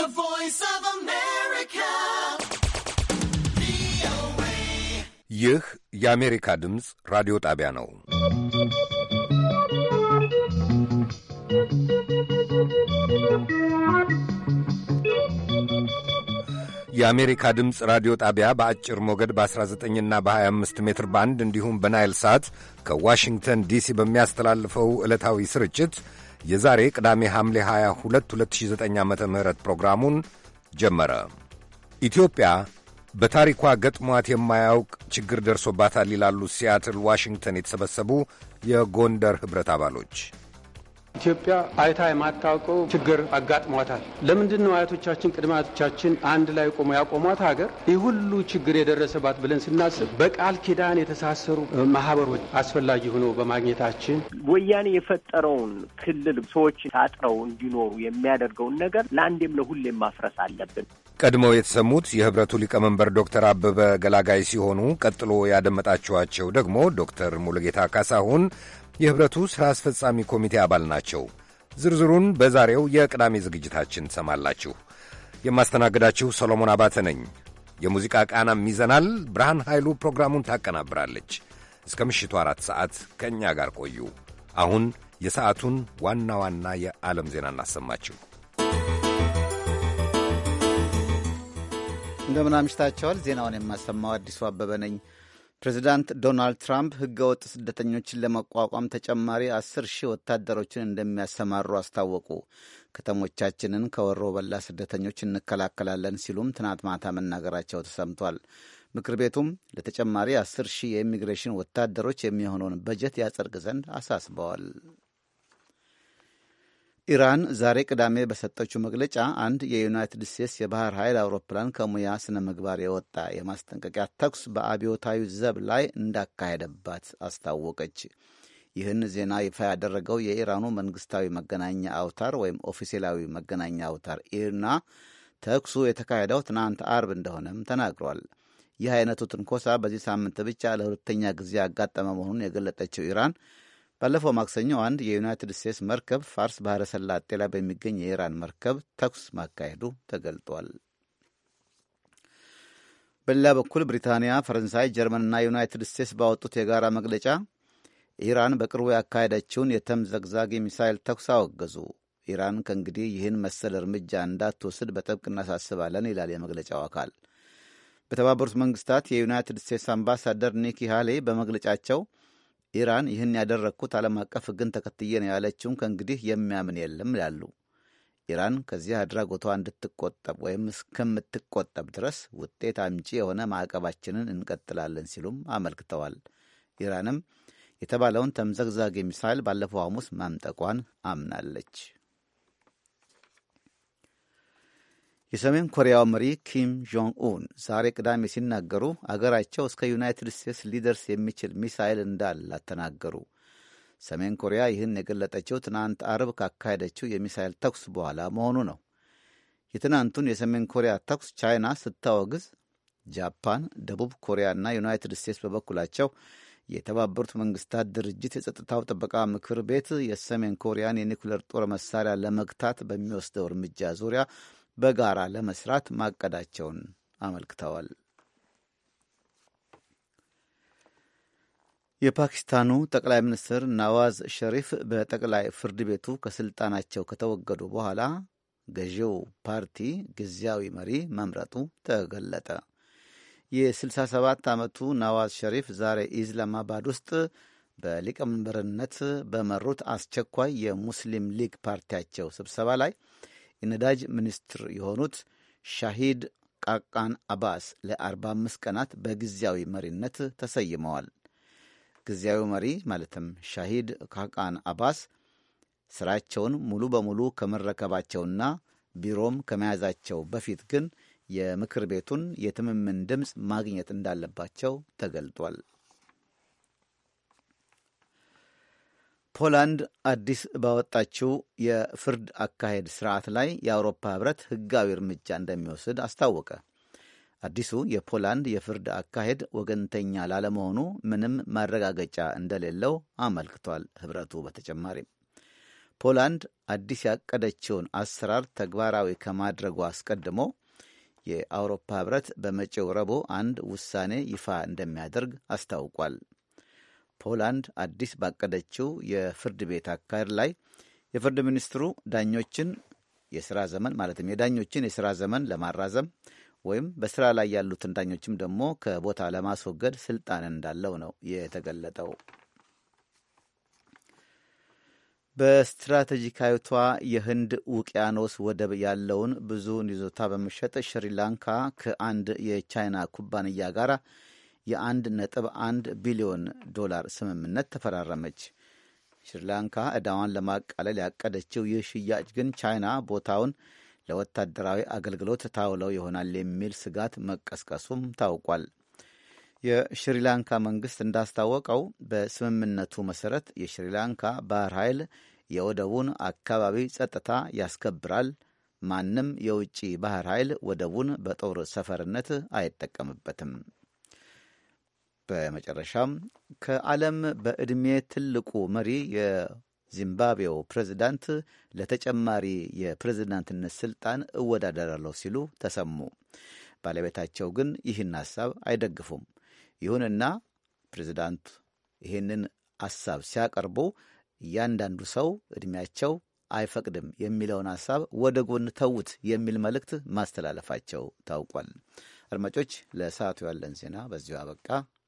The Voice of America. ይህ የአሜሪካ ድምፅ ራዲዮ ጣቢያ ነው። የአሜሪካ ድምፅ ራዲዮ ጣቢያ በአጭር ሞገድ በ19 እና በ25 ሜትር ባንድ እንዲሁም በናይል ሳት ከዋሽንግተን ዲሲ በሚያስተላልፈው ዕለታዊ ስርጭት የዛሬ ቅዳሜ ሐምሌ 22 2009 ዓ ም ፕሮግራሙን ጀመረ። ኢትዮጵያ በታሪኳ ገጥሟት የማያውቅ ችግር ደርሶባታል ይላሉ ሲያትል ዋሽንግተን የተሰበሰቡ የጎንደር ኅብረት አባሎች። ኢትዮጵያ አይታ የማታውቀው ችግር አጋጥሟታል። ለምንድን ነው አያቶቻችን ቅድማቶቻችን አንድ ላይ ቆሞ ያቆሟት ሀገር ይህ ሁሉ ችግር የደረሰባት ብለን ስናስብ በቃል ኪዳን የተሳሰሩ ማህበሮች አስፈላጊ ሆኖ በማግኘታችን ወያኔ የፈጠረውን ክልል ሰዎች ታጥረው እንዲኖሩ የሚያደርገውን ነገር ለአንዴም ለሁሌም ማፍረስ አለብን። ቀድመው የተሰሙት የህብረቱ ሊቀመንበር ዶክተር አበበ ገላጋይ ሲሆኑ ቀጥሎ ያደመጣችኋቸው ደግሞ ዶክተር ሙሉጌታ ካሳሁን የኅብረቱ ሥራ አስፈጻሚ ኮሚቴ አባል ናቸው። ዝርዝሩን በዛሬው የቅዳሜ ዝግጅታችን ትሰማላችሁ። የማስተናግዳችሁ ሰሎሞን አባተ ነኝ። የሙዚቃ ቃናም ይዘናል። ብርሃን ኃይሉ ፕሮግራሙን ታቀናብራለች። እስከ ምሽቱ አራት ሰዓት ከእኛ ጋር ቆዩ። አሁን የሰዓቱን ዋና ዋና የዓለም ዜና እናሰማችሁ። እንደምን አምሽታቸዋል። ዜናውን የማሰማው አዲሱ አበበ ነኝ። ፕሬዚዳንት ዶናልድ ትራምፕ ህገወጥ ስደተኞችን ለመቋቋም ተጨማሪ አስር ሺህ ወታደሮችን እንደሚያሰማሩ አስታወቁ። ከተሞቻችንን ከወሮ በላ ስደተኞች እንከላከላለን ሲሉም ትናንት ማታ መናገራቸው ተሰምቷል። ምክር ቤቱም ለተጨማሪ አስር ሺህ የኢሚግሬሽን ወታደሮች የሚሆነውን በጀት ያጸድቅ ዘንድ አሳስበዋል። ኢራን ዛሬ ቅዳሜ በሰጠችው መግለጫ አንድ የዩናይትድ ስቴትስ የባህር ኃይል አውሮፕላን ከሙያ ስነ ምግባር የወጣ የማስጠንቀቂያ ተኩስ በአብዮታዊ ዘብ ላይ እንዳካሄደባት አስታወቀች። ይህን ዜና ይፋ ያደረገው የኢራኑ መንግስታዊ መገናኛ አውታር ወይም ኦፊሴላዊ መገናኛ አውታር ኢርና ተኩሱ የተካሄደው ትናንት አርብ እንደሆነም ተናግሯል። ይህ አይነቱ ትንኮሳ በዚህ ሳምንት ብቻ ለሁለተኛ ጊዜ ያጋጠመ መሆኑን የገለጠችው ኢራን ባለፈው ማክሰኞ አንድ የዩናይትድ ስቴትስ መርከብ ፋርስ ባህረ ሰላጤ ላይ በሚገኝ የኢራን መርከብ ተኩስ ማካሄዱ ተገልጧል። በሌላ በኩል ብሪታንያ፣ ፈረንሳይ፣ ጀርመንና ዩናይትድ ስቴትስ ባወጡት የጋራ መግለጫ ኢራን በቅርቡ ያካሄደችውን የተምዘግዛጊ ሚሳይል ተኩስ አወገዙ። ኢራን ከእንግዲህ ይህን መሰል እርምጃ እንዳትወስድ በጥብቅ እናሳስባለን ይላል የመግለጫው አካል። በተባበሩት መንግስታት የዩናይትድ ስቴትስ አምባሳደር ኒኪ ሃሌ በመግለጫቸው ኢራን ይህን ያደረግኩት ዓለም አቀፍ ሕግን ተከትዬ ነው ያለችውን ከእንግዲህ የሚያምን የለም ይላሉ። ኢራን ከዚህ አድራጎቷ እንድትቆጠብ ወይም እስከምትቆጠብ ድረስ ውጤት አምጪ የሆነ ማዕቀባችንን እንቀጥላለን ሲሉም አመልክተዋል። ኢራንም የተባለውን ተምዘግዛጊ ሚሳይል ባለፈው ሐሙስ ማምጠቋን አምናለች። የሰሜን ኮሪያው መሪ ኪም ጆንግ ኡን ዛሬ ቅዳሜ ሲናገሩ አገራቸው እስከ ዩናይትድ ስቴትስ ሊደርስ የሚችል ሚሳይል እንዳላት ተናገሩ። ሰሜን ኮሪያ ይህን የገለጠችው ትናንት አርብ ካካሄደችው የሚሳይል ተኩስ በኋላ መሆኑ ነው። የትናንቱን የሰሜን ኮሪያ ተኩስ ቻይና ስታወግዝ፣ ጃፓን፣ ደቡብ ኮሪያና ዩናይትድ ስቴትስ በበኩላቸው የተባበሩት መንግስታት ድርጅት የጸጥታው ጥበቃ ምክር ቤት የሰሜን ኮሪያን የኒኩሌር ጦር መሳሪያ ለመግታት በሚወስደው እርምጃ ዙሪያ በጋራ ለመስራት ማቀዳቸውን አመልክተዋል። የፓኪስታኑ ጠቅላይ ሚኒስትር ናዋዝ ሸሪፍ በጠቅላይ ፍርድ ቤቱ ከስልጣናቸው ከተወገዱ በኋላ ገዢው ፓርቲ ጊዜያዊ መሪ መምረጡ ተገለጠ። የ67 ዓመቱ ናዋዝ ሸሪፍ ዛሬ ኢስላማባድ ውስጥ በሊቀመንበርነት በመሩት አስቸኳይ የሙስሊም ሊግ ፓርቲያቸው ስብሰባ ላይ የነዳጅ ሚኒስትር የሆኑት ሻሂድ ቃቃን አባስ ለ45 ቀናት በጊዜያዊ መሪነት ተሰይመዋል። ጊዜያዊ መሪ ማለትም ሻሂድ ቃቃን አባስ ስራቸውን ሙሉ በሙሉ ከመረከባቸውና ቢሮም ከመያዛቸው በፊት ግን የምክር ቤቱን የትምምን ድምፅ ማግኘት እንዳለባቸው ተገልጧል። ፖላንድ አዲስ ባወጣችው የፍርድ አካሄድ ስርዓት ላይ የአውሮፓ ህብረት ህጋዊ እርምጃ እንደሚወስድ አስታወቀ። አዲሱ የፖላንድ የፍርድ አካሄድ ወገንተኛ ላለመሆኑ ምንም ማረጋገጫ እንደሌለው አመልክቷል። ህብረቱ በተጨማሪም ፖላንድ አዲስ ያቀደችውን አሰራር ተግባራዊ ከማድረጉ አስቀድሞ የአውሮፓ ህብረት በመጪው ረቡዕ አንድ ውሳኔ ይፋ እንደሚያደርግ አስታውቋል። ፖላንድ አዲስ ባቀደችው የፍርድ ቤት አካሄድ ላይ የፍርድ ሚኒስትሩ ዳኞችን የስራ ዘመን ማለትም የዳኞችን የስራ ዘመን ለማራዘም ወይም በስራ ላይ ያሉትን ዳኞችም ደግሞ ከቦታ ለማስወገድ ስልጣን እንዳለው ነው የተገለጠው። በስትራቴጂካዊቷ የህንድ ውቅያኖስ ወደብ ያለውን ብዙውን ይዞታ በመሸጥ ሽሪላንካ ከአንድ የቻይና ኩባንያ ጋር የአንድ ነጥብ አንድ ቢሊዮን ዶላር ስምምነት ተፈራረመች። ሽሪላንካ ዕዳዋን ለማቃለል ያቀደችው ይህ ሽያጭ ግን ቻይና ቦታውን ለወታደራዊ አገልግሎት ታውለው ይሆናል የሚል ስጋት መቀስቀሱም ታውቋል። የሽሪላንካ መንግስት እንዳስታወቀው በስምምነቱ መሰረት የሽሪላንካ ባህር ኃይል የወደቡን አካባቢ ጸጥታ ያስከብራል። ማንም የውጭ ባህር ኃይል ወደቡን በጦር ሰፈርነት አይጠቀምበትም። በመጨረሻም ከዓለም በዕድሜ ትልቁ መሪ የዚምባብዌው ፕሬዚዳንት ለተጨማሪ የፕሬዚዳንትነት ስልጣን እወዳደራለሁ ሲሉ ተሰሙ። ባለቤታቸው ግን ይህን ሐሳብ አይደግፉም። ይሁንና ፕሬዚዳንቱ ይህንን ሐሳብ ሲያቀርቡ እያንዳንዱ ሰው ዕድሜያቸው አይፈቅድም የሚለውን ሐሳብ ወደ ጎን ተዉት የሚል መልእክት ማስተላለፋቸው ታውቋል። አድማጮች፣ ለሰዓቱ ያለን ዜና በዚሁ አበቃ።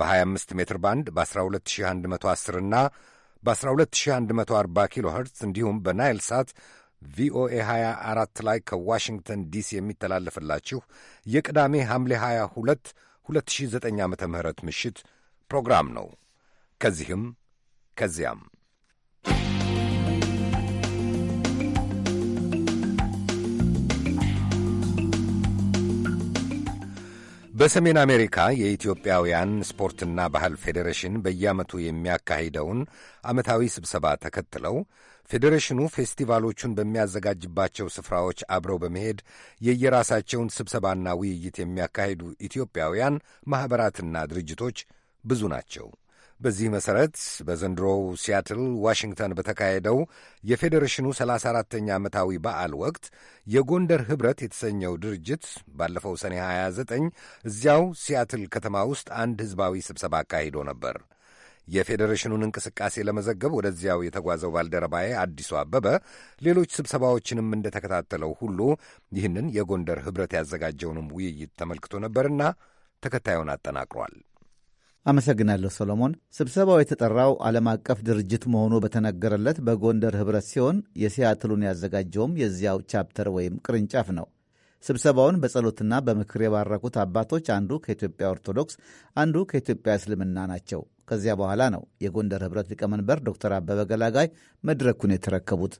በ25 ሜትር ባንድ በ12110 እና በ12140 ኪሎ ኸርትዝ እንዲሁም በናይል ሳት ቪኦኤ 24 ላይ ከዋሽንግተን ዲሲ የሚተላለፍላችሁ የቅዳሜ ሐምሌ 22 2009 ዓ ም ምሽት ፕሮግራም ነው። ከዚህም ከዚያም በሰሜን አሜሪካ የኢትዮጵያውያን ስፖርትና ባህል ፌዴሬሽን በየዓመቱ የሚያካሂደውን ዓመታዊ ስብሰባ ተከትለው ፌዴሬሽኑ ፌስቲቫሎቹን በሚያዘጋጅባቸው ስፍራዎች አብረው በመሄድ የየራሳቸውን ስብሰባና ውይይት የሚያካሂዱ ኢትዮጵያውያን ማኅበራትና ድርጅቶች ብዙ ናቸው። በዚህ መሠረት በዘንድሮው ሲያትል ዋሽንግተን በተካሄደው የፌዴሬሽኑ 34ተኛ ዓመታዊ በዓል ወቅት የጎንደር ኅብረት የተሰኘው ድርጅት ባለፈው ሰኔ 29 እዚያው ሲያትል ከተማ ውስጥ አንድ ሕዝባዊ ስብሰባ አካሂዶ ነበር። የፌዴሬሽኑን እንቅስቃሴ ለመዘገብ ወደዚያው የተጓዘው ባልደረባዬ አዲሱ አበበ ሌሎች ስብሰባዎችንም እንደተከታተለው ሁሉ ይህንን የጎንደር ኅብረት ያዘጋጀውንም ውይይት ተመልክቶ ነበርና ተከታዩን አጠናቅሯል። አመሰግናለሁ ሰሎሞን። ስብሰባው የተጠራው ዓለም አቀፍ ድርጅት መሆኑ በተነገረለት በጎንደር ኅብረት ሲሆን የሲያትሉን ያዘጋጀውም የዚያው ቻፕተር ወይም ቅርንጫፍ ነው። ስብሰባውን በጸሎትና በምክር የባረኩት አባቶች አንዱ ከኢትዮጵያ ኦርቶዶክስ፣ አንዱ ከኢትዮጵያ እስልምና ናቸው። ከዚያ በኋላ ነው የጎንደር ኅብረት ሊቀመንበር ዶክተር አበበ ገላጋይ መድረኩን የተረከቡት።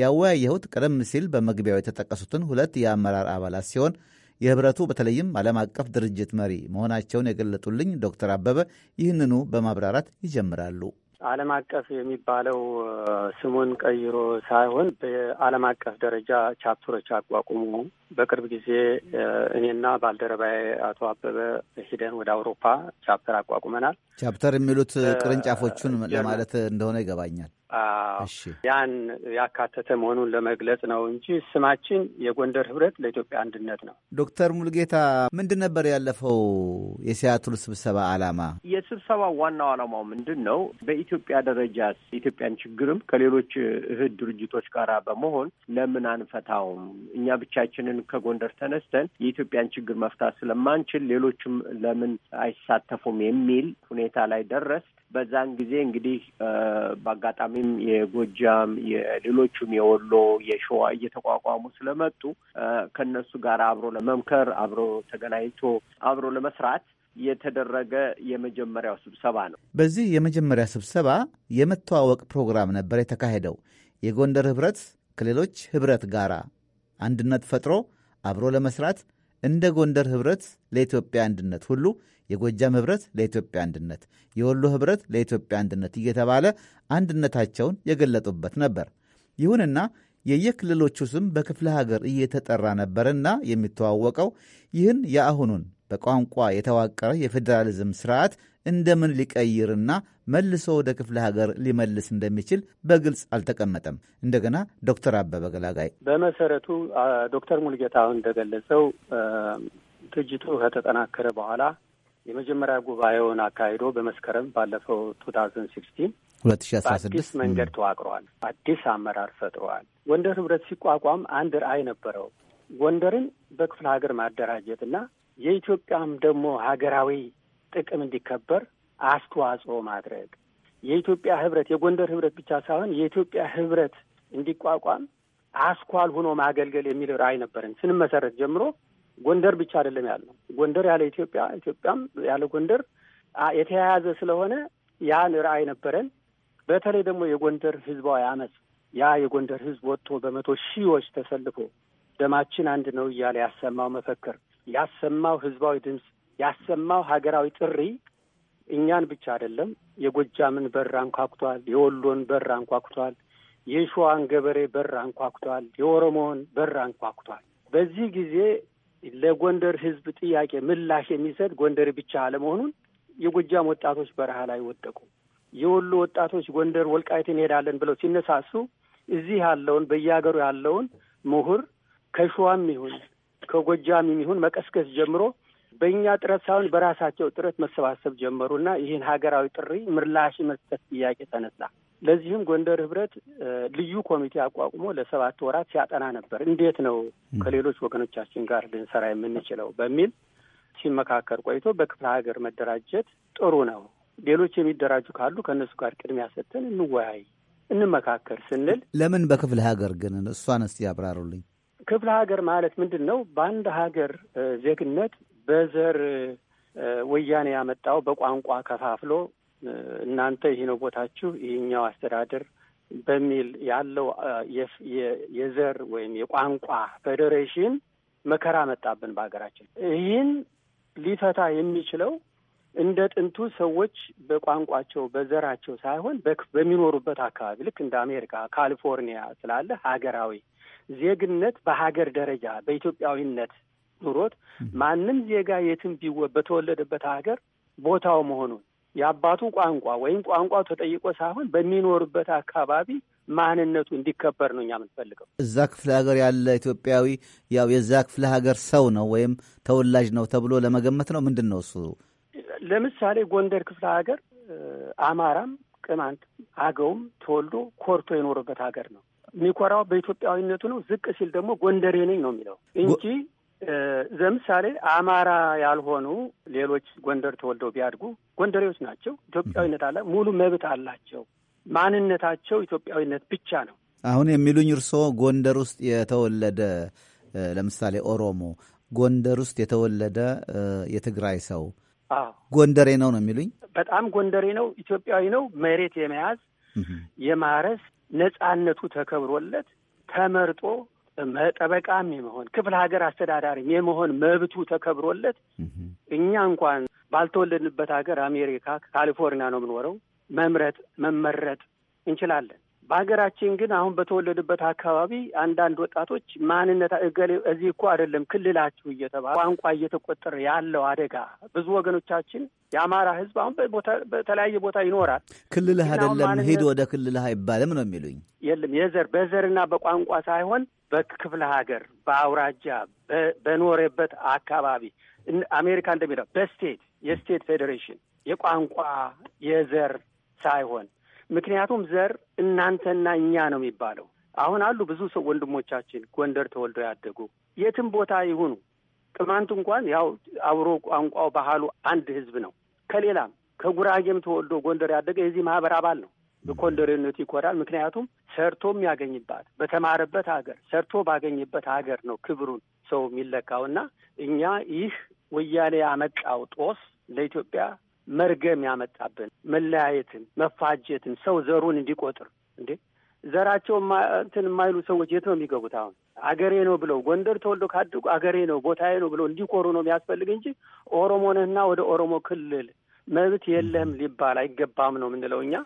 ያወያየሁት ቀደም ሲል በመግቢያው የተጠቀሱትን ሁለት የአመራር አባላት ሲሆን የህብረቱ በተለይም ዓለም አቀፍ ድርጅት መሪ መሆናቸውን የገለጡልኝ ዶክተር አበበ ይህንኑ በማብራራት ይጀምራሉ። ዓለም አቀፍ የሚባለው ስሙን ቀይሮ ሳይሆን በዓለም አቀፍ ደረጃ ቻፕተሮች አቋቁሞ በቅርብ ጊዜ እኔና ባልደረባዬ አቶ አበበ ሂደን ወደ አውሮፓ ቻፕተር አቋቁመናል። ቻፕተር የሚሉት ቅርንጫፎቹን ለማለት እንደሆነ ይገባኛል። ያን ያካተተ መሆኑን ለመግለጽ ነው እንጂ ስማችን የጎንደር ህብረት ለኢትዮጵያ አንድነት ነው። ዶክተር ሙልጌታ ምንድን ነበር ያለፈው የሲያትሉ ስብሰባ አላማ የስብሰባ ዋናው ዓላማው ምንድን ነው? በኢትዮጵያ ደረጃ የኢትዮጵያን ችግርም ከሌሎች እህድ ድርጅቶች ጋር በመሆን ለምን አንፈታውም? እኛ ብቻችንን ከጎንደር ተነስተን የኢትዮጵያን ችግር መፍታት ስለማንችል ሌሎችም ለምን አይሳተፉም የሚል ሁኔታ ላይ ደረስ። በዛን ጊዜ እንግዲህ በአጋጣሚ የጎጃምም የጎጃም የሌሎቹም የወሎ የሸዋ እየተቋቋሙ ስለመጡ ከነሱ ጋር አብሮ ለመምከር አብሮ ተገናኝቶ አብሮ ለመስራት የተደረገ የመጀመሪያው ስብሰባ ነው። በዚህ የመጀመሪያ ስብሰባ የመተዋወቅ ፕሮግራም ነበር የተካሄደው። የጎንደር ህብረት ከሌሎች ህብረት ጋር አንድነት ፈጥሮ አብሮ ለመስራት እንደ ጎንደር ህብረት ለኢትዮጵያ አንድነት ሁሉ የጎጃም ህብረት ለኢትዮጵያ አንድነት፣ የወሎ ህብረት ለኢትዮጵያ አንድነት እየተባለ አንድነታቸውን የገለጡበት ነበር። ይሁንና የየክልሎቹ ስም በክፍለ ሀገር እየተጠራ ነበርና የሚተዋወቀው ይህን የአሁኑን በቋንቋ የተዋቀረ የፌዴራሊዝም ስርዓት እንደምን ሊቀይርና መልሶ ወደ ክፍለ ሀገር ሊመልስ እንደሚችል በግልጽ አልተቀመጠም። እንደገና ዶክተር አበበ ገላጋይ በመሰረቱ ዶክተር ሙልጌታ እንደገለጸው ድርጅቱ ከተጠናከረ በኋላ የመጀመሪያ ጉባኤውን አካሂዶ በመስከረም ባለፈው ቱ ታውዘንድ ሲክስቲን ሁለት ሺ አስራ ስድስት መንገድ ተዋቅረዋል። አዲስ አመራር ፈጥረዋል። ጎንደር ህብረት ሲቋቋም አንድ ራዕይ ነበረው። ጎንደርን በክፍለ ሀገር ማደራጀት እና የኢትዮጵያም ደግሞ ሀገራዊ ጥቅም እንዲከበር አስተዋጽኦ ማድረግ የኢትዮጵያ ህብረት የጎንደር ህብረት ብቻ ሳይሆን የኢትዮጵያ ህብረት እንዲቋቋም አስኳል ሆኖ ማገልገል የሚል ራዕይ ነበረን ስንመሰረት ጀምሮ። ጎንደር ብቻ አይደለም ያለው ጎንደር ያለ ኢትዮጵያ፣ ኢትዮጵያም ያለ ጎንደር የተያያዘ ስለሆነ ያን ራዕይ ነበረን። በተለይ ደግሞ የጎንደር ህዝባዊ አመፅ ያ የጎንደር ህዝብ ወጥቶ በመቶ ሺዎች ተሰልፎ ደማችን አንድ ነው እያለ ያሰማው መፈክር ያሰማው ህዝባዊ ድምፅ ያሰማው ሀገራዊ ጥሪ እኛን ብቻ አይደለም። የጎጃምን በር አንኳኩቷል። የወሎን በር አንኳኩቷል። የሸዋን ገበሬ በር አንኳኩቷል። የኦሮሞን በር አንኳኩቷል። በዚህ ጊዜ ለጎንደር ህዝብ ጥያቄ ምላሽ የሚሰጥ ጎንደር ብቻ አለመሆኑን የጎጃም ወጣቶች በረሃ ላይ ወደቁ። የወሎ ወጣቶች ጎንደር ወልቃይት እንሄዳለን ብለው ሲነሳሱ እዚህ ያለውን በየሀገሩ ያለውን ምሁር ከሸዋም ይሁን ከጎጃም ይሁን መቀስቀስ ጀምሮ በእኛ ጥረት ሳይሆን በራሳቸው ጥረት መሰባሰብ ጀመሩና ይህን ሀገራዊ ጥሪ ምላሽ መስጠት ጥያቄ ተነሳ። ለዚህም ጎንደር ህብረት ልዩ ኮሚቴ አቋቁሞ ለሰባት ወራት ሲያጠና ነበር። እንዴት ነው ከሌሎች ወገኖቻችን ጋር ልንሰራ የምንችለው በሚል ሲመካከር ቆይቶ በክፍለ ሀገር መደራጀት ጥሩ ነው፣ ሌሎች የሚደራጁ ካሉ ከእነሱ ጋር ቅድሚያ ሰጥተን እንወያይ፣ እንመካከር ስንል ለምን በክፍለ ሀገር ግን እሷን እስቲ ያብራሩልኝ። ክፍለ ሀገር ማለት ምንድን ነው? በአንድ ሀገር ዜግነት በዘር ወያኔ ያመጣው በቋንቋ ከፋፍሎ እናንተ ይህ ነው ቦታችሁ፣ ይህኛው አስተዳደር በሚል ያለው የዘር ወይም የቋንቋ ፌዴሬሽን መከራ መጣብን በሀገራችን። ይህን ሊፈታ የሚችለው እንደ ጥንቱ ሰዎች በቋንቋቸው በዘራቸው ሳይሆን በሚኖሩበት አካባቢ ልክ እንደ አሜሪካ ካሊፎርኒያ ስላለ ሀገራዊ ዜግነት በሀገር ደረጃ በኢትዮጵያዊነት ኑሮት ማንም ዜጋ የትም ቢወ በተወለደበት ሀገር ቦታው መሆኑን የአባቱ ቋንቋ ወይም ቋንቋው ተጠይቆ ሳይሆን በሚኖርበት አካባቢ ማንነቱ እንዲከበር ነው እኛ የምንፈልገው። እዛ ክፍለ ሀገር ያለ ኢትዮጵያዊ ያው የዛ ክፍለ ሀገር ሰው ነው ወይም ተወላጅ ነው ተብሎ ለመገመት ነው። ምንድን ነው እሱ? ለምሳሌ ጎንደር ክፍለ ሀገር አማራም፣ ቅማንት፣ አገውም ተወልዶ ኮርቶ የኖረበት ሀገር ነው። የሚኮራው በኢትዮጵያዊነቱ ነው። ዝቅ ሲል ደግሞ ጎንደሬ ነኝ ነው የሚለው እንጂ ለምሳሌ አማራ ያልሆኑ ሌሎች ጎንደር ተወልደው ቢያድጉ ጎንደሬዎች ናቸው። ኢትዮጵያዊነት አለ፣ ሙሉ መብት አላቸው። ማንነታቸው ኢትዮጵያዊነት ብቻ ነው። አሁን የሚሉኝ እርስዎ ጎንደር ውስጥ የተወለደ ለምሳሌ ኦሮሞ፣ ጎንደር ውስጥ የተወለደ የትግራይ ሰው ጎንደሬ ነው ነው የሚሉኝ? በጣም ጎንደሬ ነው፣ ኢትዮጵያዊ ነው። መሬት የመያዝ የማረስ ነጻነቱ ተከብሮለት ተመርጦ ጠበቃም የመሆን ክፍለ ሀገር አስተዳዳሪም የመሆን መብቱ ተከብሮለት እኛ እንኳን ባልተወለድንበት ሀገር አሜሪካ ካሊፎርኒያ ነው የምኖረው መምረጥ መመረጥ እንችላለን። በሀገራችን ግን አሁን በተወለዱበት አካባቢ አንዳንድ ወጣቶች ማንነት እገሌ እዚህ እኮ አይደለም ክልላችሁ እየተባለ ቋንቋ እየተቆጠረ ያለው አደጋ ብዙ ወገኖቻችን የአማራ ሕዝብ አሁን በተለያየ ቦታ ይኖራል። ክልልህ አይደለም ሂድ ወደ ክልልህ አይባልም ነው የሚሉኝ። የለም የዘር በዘርና በቋንቋ ሳይሆን በክፍለ ሀገር፣ በአውራጃ፣ በኖረበት አካባቢ አሜሪካ እንደሚለው በስቴት የስቴት ፌዴሬሽን የቋንቋ የዘር ሳይሆን ምክንያቱም ዘር እናንተና እኛ ነው የሚባለው። አሁን አሉ ብዙ ሰው ወንድሞቻችን ጎንደር ተወልደው ያደጉ የትም ቦታ ይሁኑ ቅማንት እንኳን ያው አብሮ ቋንቋው፣ ባህሉ አንድ ህዝብ ነው። ከሌላም ከጉራጌም ተወልዶ ጎንደር ያደገ የዚህ ማህበር አባል ነው። በጎንደሬነቱ ይኮራል። ምክንያቱም ሰርቶ የሚያገኝባት በተማረበት ሀገር ሰርቶ ባገኝበት ሀገር ነው ክብሩን ሰው የሚለካውና እኛ ይህ ወያኔ ያመጣው ጦስ ለኢትዮጵያ መርገም ያመጣብን፣ መለያየትን፣ መፋጀትን፣ ሰው ዘሩን እንዲቆጥር እንዴ ዘራቸው እንትን የማይሉ ሰዎች የት ነው የሚገቡት? አሁን አገሬ ነው ብለው ጎንደር ተወልዶ ካደጉ አገሬ ነው ቦታዬ ነው ብለው እንዲኮሩ ነው የሚያስፈልግ እንጂ ኦሮሞ ነህና ወደ ኦሮሞ ክልል መብት የለህም ሊባል አይገባም ነው የምንለው እኛ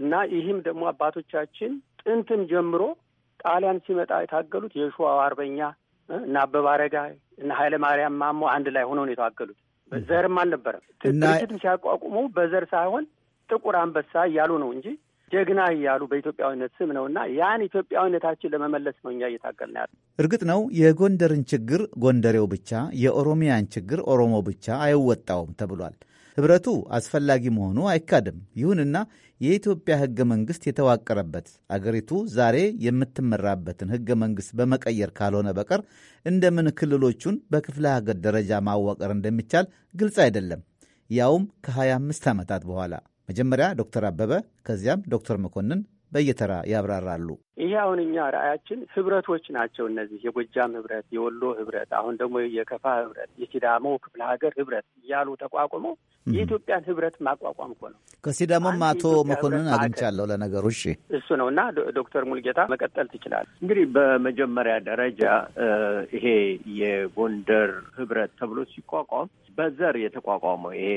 እና ይህም ደግሞ አባቶቻችን ጥንትም ጀምሮ ጣሊያን ሲመጣ የታገሉት የሸዋው አርበኛ እና አበበ አረጋይ እና ኃይለ ማርያም ማሞ አንድ ላይ ሆነው ነው የታገሉት። ዘርም አልነበረም። ድርጅቱን ሲያቋቁሙ በዘር ሳይሆን ጥቁር አንበሳ እያሉ ነው እንጂ ጀግና እያሉ በኢትዮጵያዊነት ስም ነው እና ያን ኢትዮጵያዊነታችን ለመመለስ ነው እኛ እየታገልን ያለ። እርግጥ ነው የጎንደርን ችግር ጎንደሬው ብቻ፣ የኦሮሚያን ችግር ኦሮሞ ብቻ አይወጣውም ተብሏል። ኅብረቱ አስፈላጊ መሆኑ አይካድም። ይሁንና የኢትዮጵያ ሕገ መንግሥት የተዋቀረበት አገሪቱ ዛሬ የምትመራበትን ሕገ መንግሥት በመቀየር ካልሆነ በቀር እንደምን ክልሎቹን በክፍለ ሀገር ደረጃ ማዋቀር እንደሚቻል ግልጽ አይደለም። ያውም ከ25 ዓመታት በኋላ መጀመሪያ ዶክተር አበበ ከዚያም ዶክተር መኮንን በየተራ ያብራራሉ። ይሄ አሁን እኛ ራእያችን ህብረቶች ናቸው። እነዚህ የጎጃም ህብረት፣ የወሎ ህብረት፣ አሁን ደግሞ የከፋ ህብረት፣ የሲዳሞ ክፍለ ሀገር ህብረት እያሉ ተቋቁሞ የኢትዮጵያን ህብረት ማቋቋም እኮ ነው። ከሲዳሞም አቶ መኮንን አግኝቻለሁ ለነገሩ። እሺ እሱ ነው እና ዶክተር ሙልጌታ መቀጠል ትችላል። እንግዲህ በመጀመሪያ ደረጃ ይሄ የጎንደር ህብረት ተብሎ ሲቋቋም በዘር የተቋቋመው ይሄ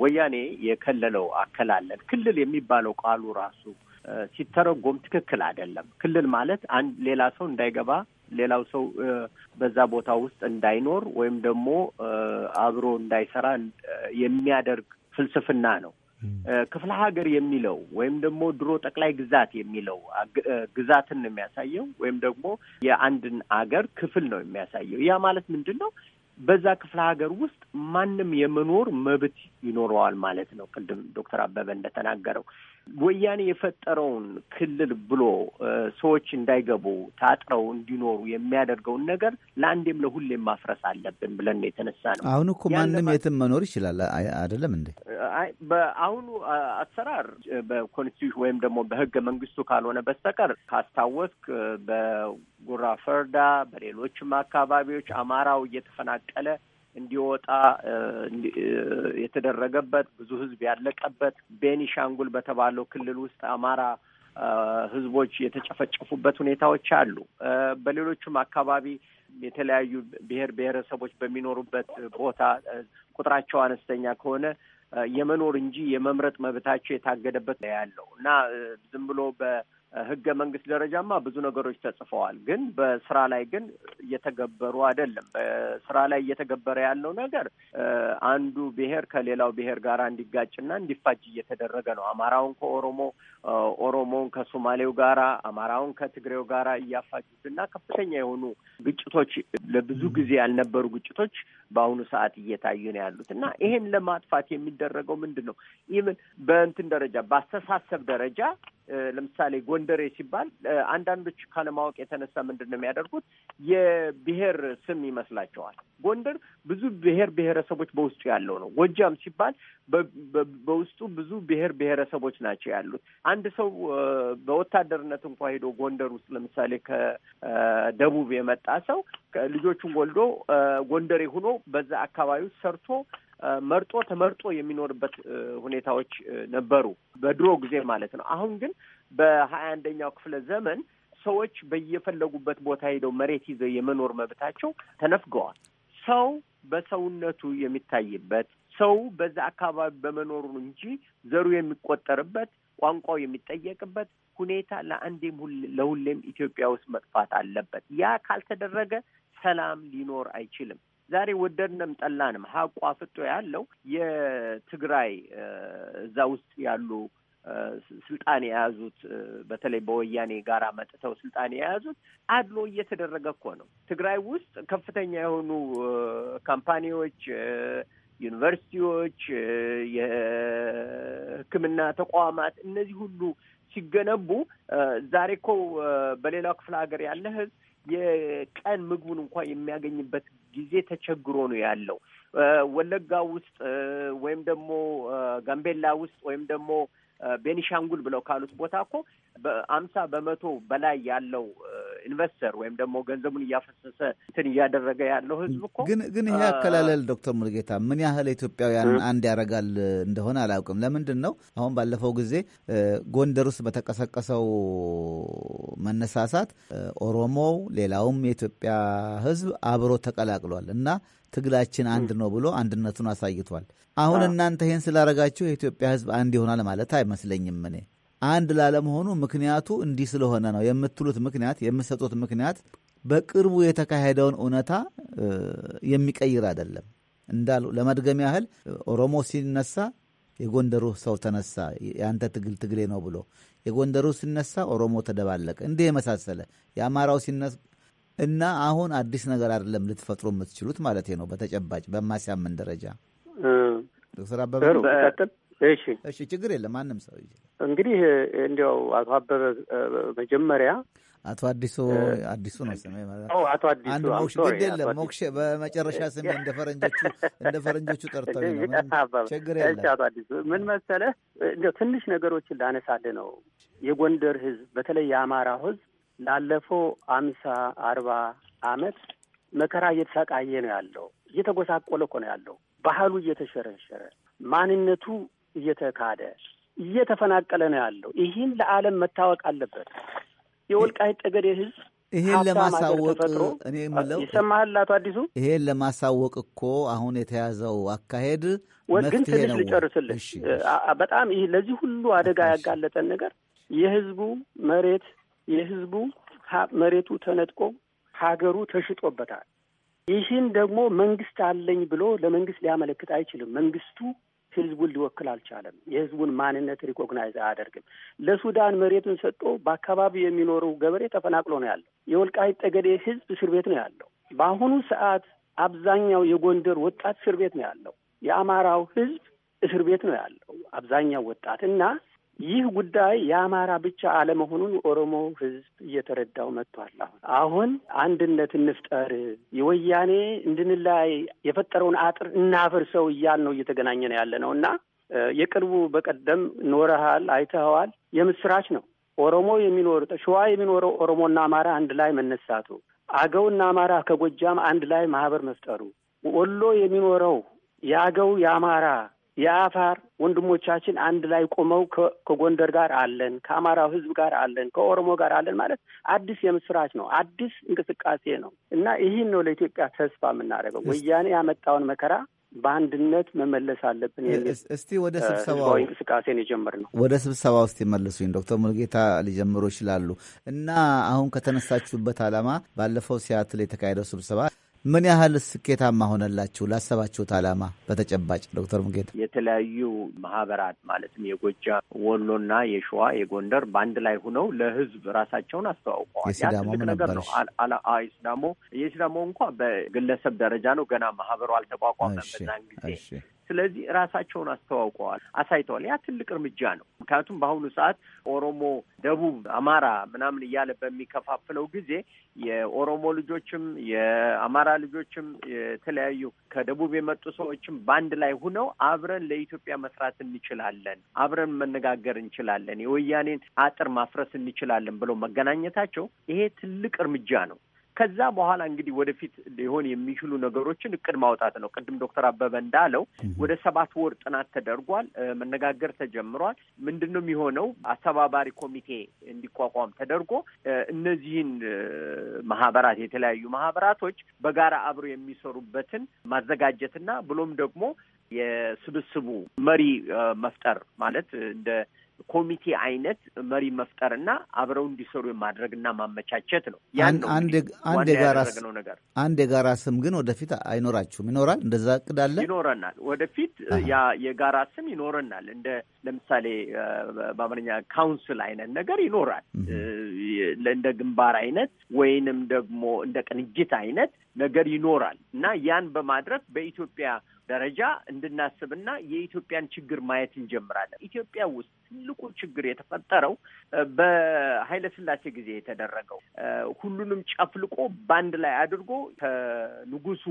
ወያኔ የከለለው አከላለል ክልል የሚባለው ቃሉ ራሱ ሲተረጎም ትክክል አይደለም። ክልል ማለት አንድ ሌላ ሰው እንዳይገባ ሌላው ሰው በዛ ቦታ ውስጥ እንዳይኖር ወይም ደግሞ አብሮ እንዳይሰራ የሚያደርግ ፍልስፍና ነው። ክፍለ ሀገር የሚለው ወይም ደግሞ ድሮ ጠቅላይ ግዛት የሚለው ግዛትን ነው የሚያሳየው ወይም ደግሞ የአንድን አገር ክፍል ነው የሚያሳየው። ያ ማለት ምንድን ነው? በዛ ክፍለ ሀገር ውስጥ ማንም የመኖር መብት ይኖረዋል ማለት ነው። ቅድም ዶክተር አበበ እንደተናገረው ወያኔ የፈጠረውን ክልል ብሎ ሰዎች እንዳይገቡ ታጥረው እንዲኖሩ የሚያደርገውን ነገር ለአንዴም ለሁሌም ማፍረስ አለብን ብለን የተነሳ ነው። አሁን እኮ ማንም የትም መኖር ይችላል አይደለም እንዴ? በአሁኑ አሰራር በኮንስቲቱሽን ወይም ደግሞ በህገ መንግስቱ ካልሆነ በስተቀር ካስታወስክ በጉራ ፈርዳ፣ በሌሎችም አካባቢዎች አማራው እየተፈናቀለ እንዲወጣ የተደረገበት ብዙ ህዝብ ያለቀበት ቤኒሻንጉል በተባለው ክልል ውስጥ አማራ ህዝቦች የተጨፈጨፉበት ሁኔታዎች አሉ። በሌሎቹም አካባቢ የተለያዩ ብሔር ብሔረሰቦች በሚኖሩበት ቦታ ቁጥራቸው አነስተኛ ከሆነ የመኖር እንጂ የመምረጥ መብታቸው የታገደበት ያለው እና ዝም ብሎ በ ህገ መንግስት ደረጃማ ብዙ ነገሮች ተጽፈዋል። ግን በስራ ላይ ግን እየተገበሩ አይደለም። በስራ ላይ እየተገበረ ያለው ነገር አንዱ ብሔር ከሌላው ብሔር ጋር እንዲጋጭና እንዲፋጅ እየተደረገ ነው። አማራውን ከኦሮሞ፣ ኦሮሞውን ከሶማሌው ጋራ፣ አማራውን ከትግሬው ጋራ እያፋጁትና ከፍተኛ የሆኑ ግጭቶች ለብዙ ጊዜ ያልነበሩ ግጭቶች በአሁኑ ሰዓት እየታዩ ነው ያሉት እና ይሄን ለማጥፋት የሚደረገው ምንድን ነው? ይምን በእንትን ደረጃ በአስተሳሰብ ደረጃ ለምሳሌ ጎንደሬ ሲባል አንዳንዶች ካለማወቅ የተነሳ ምንድን ነው የሚያደርጉት የብሔር ስም ይመስላቸዋል። ጎንደር ብዙ ብሔር ብሔረሰቦች በውስጡ ያለው ነው። ጎጃም ሲባል በውስጡ ብዙ ብሔር ብሔረሰቦች ናቸው ያሉት። አንድ ሰው በወታደርነት እንኳ ሄዶ ጎንደር ውስጥ ለምሳሌ ከደቡብ የመጣ ሰው ልጆቹን ወልዶ ጎንደሬ ሁኖ በዛ አካባቢ ሰርቶ መርጦ ተመርጦ የሚኖርበት ሁኔታዎች ነበሩ፣ በድሮ ጊዜ ማለት ነው። አሁን ግን በሀያ አንደኛው ክፍለ ዘመን ሰዎች በየፈለጉበት ቦታ ሄደው መሬት ይዘው የመኖር መብታቸው ተነፍገዋል። ሰው በሰውነቱ የሚታይበት ሰው በዛ አካባቢ በመኖሩ እንጂ ዘሩ የሚቆጠርበት ቋንቋው የሚጠየቅበት ሁኔታ ለአንዴም ለሁሌም ኢትዮጵያ ውስጥ መጥፋት አለበት። ያ ካልተደረገ ሰላም ሊኖር አይችልም። ዛሬ ወደድንም ጠላንም ሀቋ ፍጦ ያለው የትግራይ እዛ ውስጥ ያሉ ስልጣን የያዙት በተለይ በወያኔ ጋራ መጥተው ስልጣን የያዙት አድሎ እየተደረገ እኮ ነው። ትግራይ ውስጥ ከፍተኛ የሆኑ ካምፓኒዎች፣ ዩኒቨርሲቲዎች፣ የሕክምና ተቋማት እነዚህ ሁሉ ሲገነቡ ዛሬ እኮ በሌላው ክፍለ ሀገር ያለ ህዝብ የቀን ምግቡን እንኳን የሚያገኝበት ጊዜ ተቸግሮ ነው ያለው። ወለጋ ውስጥ ወይም ደግሞ ጋምቤላ ውስጥ ወይም ደግሞ ቤኒሻንጉል ብለው ካሉት ቦታ እኮ በአምሳ በመቶ በላይ ያለው ኢንቨስተር ወይም ደግሞ ገንዘቡን እያፈሰሰ እንትን እያደረገ ያለው ህዝብ እኮ ግን ግን ይሄ አከላለል ዶክተር ሙልጌታ ምን ያህል ኢትዮጵያውያን አንድ ያደርጋል እንደሆነ አላውቅም። ለምንድን ነው አሁን ባለፈው ጊዜ ጎንደር ውስጥ በተቀሰቀሰው መነሳሳት ኦሮሞው ሌላውም የኢትዮጵያ ህዝብ አብሮ ተቀላቅሏል እና ትግላችን አንድ ነው ብሎ አንድነቱን አሳይቷል። አሁን እናንተ ይህን ስላረጋችሁ የኢትዮጵያ ሕዝብ አንድ ይሆናል ማለት አይመስለኝም። እኔ አንድ ላለመሆኑ ምክንያቱ እንዲህ ስለሆነ ነው የምትሉት ምክንያት የምሰጡት ምክንያት በቅርቡ የተካሄደውን እውነታ የሚቀይር አይደለም። እንዳሉ ለመድገም ያህል ኦሮሞ ሲነሳ የጎንደሩ ሰው ተነሳ፣ የአንተ ትግል ትግሌ ነው ብሎ የጎንደሩ ሲነሳ ኦሮሞ ተደባለቀ፣ እንዲህ የመሳሰለ የአማራው እና አሁን አዲስ ነገር አይደለም ልትፈጥሩ የምትችሉት ማለት ነው። በተጨባጭ በማሳምን ደረጃ ዶክተር አበበ እሺ፣ እሺ፣ ችግር የለም ማንም ሰው እንግዲህ እንዲያው አቶ አበበ መጀመሪያ አቶ አዲሱ አዲሱ ነው ስሜ። አቶ አዲሱ አንድ ሞክሽ ግድ የለም ሞክሽ በመጨረሻ ስሜ እንደ ፈረንጆቹ እንደ ፈረንጆቹ ጠርተው ችግር የለም። አቶ አዲሱ ምን መሰለህ፣ እንዲያው ትንሽ ነገሮችን ላነሳልህ ነው። የጎንደር ህዝብ በተለይ የአማራ ህዝብ ላለፈው አምሳ አርባ አመት መከራ እየተሰቃየ ነው ያለው። እየተጎሳቆለ እኮ ነው ያለው። ባህሉ እየተሸረሸረ፣ ማንነቱ እየተካደ፣ እየተፈናቀለ ነው ያለው። ይህን ለዓለም መታወቅ አለበት። የወልቃይት ጠገዴ ህዝብ ይሄን ለማሳወቅ እኔ የምለው ይሰማሃል፣ አቶ አዲሱ፣ ይሄን ለማሳወቅ እኮ አሁን የተያዘው አካሄድ ግን ትንሽ ልጨርስልህ። በጣም ይህ ለዚህ ሁሉ አደጋ ያጋለጠን ነገር የህዝቡ መሬት የህዝቡ መሬቱ ተነጥቆ ሀገሩ ተሽጦበታል። ይህን ደግሞ መንግስት አለኝ ብሎ ለመንግስት ሊያመለክት አይችልም። መንግስቱ ህዝቡን ሊወክል አልቻለም። የህዝቡን ማንነት ሪኮግናይዝ አያደርግም። ለሱዳን መሬቱን ሰጥቶ በአካባቢው የሚኖረው ገበሬ ተፈናቅሎ ነው ያለው። የወልቃይት ጠገዴ ህዝብ እስር ቤት ነው ያለው። በአሁኑ ሰዓት አብዛኛው የጎንደር ወጣት እስር ቤት ነው ያለው። የአማራው ህዝብ እስር ቤት ነው ያለው አብዛኛው ወጣት እና ይህ ጉዳይ የአማራ ብቻ አለመሆኑን ኦሮሞ ህዝብ እየተረዳው መጥቷል። አሁን አሁን አንድነት እንፍጠር፣ የወያኔ እንድንላይ የፈጠረውን አጥር እናፍርሰው እያል ነው እየተገናኘ ነው ያለ ነው እና የቅርቡ በቀደም ኖረሃል፣ አይተኸዋል። የምስራች ነው። ኦሮሞ የሚኖር ሸዋ የሚኖረው ኦሮሞና አማራ አንድ ላይ መነሳቱ፣ አገውና አማራ ከጎጃም አንድ ላይ ማህበር መፍጠሩ፣ ወሎ የሚኖረው የአገው የአማራ የአፋር ወንድሞቻችን አንድ ላይ ቆመው ከጎንደር ጋር አለን፣ ከአማራው ህዝብ ጋር አለን፣ ከኦሮሞ ጋር አለን ማለት አዲስ የምስራች ነው፣ አዲስ እንቅስቃሴ ነው እና ይህን ነው ለኢትዮጵያ ተስፋ የምናደርገው። ወያኔ ያመጣውን መከራ በአንድነት መመለስ አለብን እስቲ ወደ ስብሰባ እንቅስቃሴን የጀመር ነው። ወደ ስብሰባ ውስጥ ይመለሱኝ ዶክተር ሙልጌታ ሊጀምሩ ይችላሉ እና አሁን ከተነሳችሁበት ዓላማ ባለፈው ሲያትል የተካሄደው ስብሰባ ምን ያህል ስኬታማ ሆነላችሁ? ላሰባችሁት ዓላማ በተጨባጭ ዶክተር ሙጌት? የተለያዩ ማህበራት ማለትም የጎጃ ወሎና የሸዋ የጎንደር በአንድ ላይ ሆነው ለህዝብ ራሳቸውን አስተዋውቀዋል። ነገር ነው። የሲዳሞ የሲዳሞ እንኳ በግለሰብ ደረጃ ነው ገና ማህበሩ አልተቋቋመም በዛን ጊዜ ስለዚህ ራሳቸውን አስተዋውቀዋል፣ አሳይተዋል። ያ ትልቅ እርምጃ ነው። ምክንያቱም በአሁኑ ሰዓት ኦሮሞ፣ ደቡብ፣ አማራ ምናምን እያለ በሚከፋፍለው ጊዜ የኦሮሞ ልጆችም የአማራ ልጆችም የተለያዩ ከደቡብ የመጡ ሰዎችም በአንድ ላይ ሁነው አብረን ለኢትዮጵያ መስራት እንችላለን፣ አብረን መነጋገር እንችላለን፣ የወያኔን አጥር ማፍረስ እንችላለን ብለው መገናኘታቸው ይሄ ትልቅ እርምጃ ነው። ከዛ በኋላ እንግዲህ ወደፊት ሊሆን የሚችሉ ነገሮችን እቅድ ማውጣት ነው። ቅድም ዶክተር አበበ እንዳለው ወደ ሰባት ወር ጥናት ተደርጓል። መነጋገር ተጀምሯል። ምንድን ነው የሚሆነው? አስተባባሪ ኮሚቴ እንዲቋቋም ተደርጎ እነዚህን ማህበራት የተለያዩ ማህበራቶች በጋራ አብረው የሚሰሩበትን ማዘጋጀትና ብሎም ደግሞ የስብስቡ መሪ መፍጠር ማለት እንደ ኮሚቴ አይነት መሪ መፍጠርና አብረው እንዲሰሩ የማድረግና ማመቻቸት ነው። ያን ነገር አንድ የጋራ ስም ግን ወደፊት አይኖራችሁም? ይኖራል? እንደዛ እቅድ አለ? ይኖረናል። ወደፊት ያ የጋራ ስም ይኖረናል። እንደ ለምሳሌ በአማርኛ ካውንስል አይነት ነገር ይኖራል። እንደ ግንባር አይነት ወይንም ደግሞ እንደ ቅንጅት አይነት ነገር ይኖራል እና ያን በማድረግ በኢትዮጵያ ደረጃ እንድናስብና የኢትዮጵያን ችግር ማየት እንጀምራለን። ኢትዮጵያ ውስጥ ትልቁ ችግር የተፈጠረው በኃይለስላሴ ጊዜ የተደረገው ሁሉንም ጨፍልቆ በአንድ ላይ አድርጎ ከንጉሱ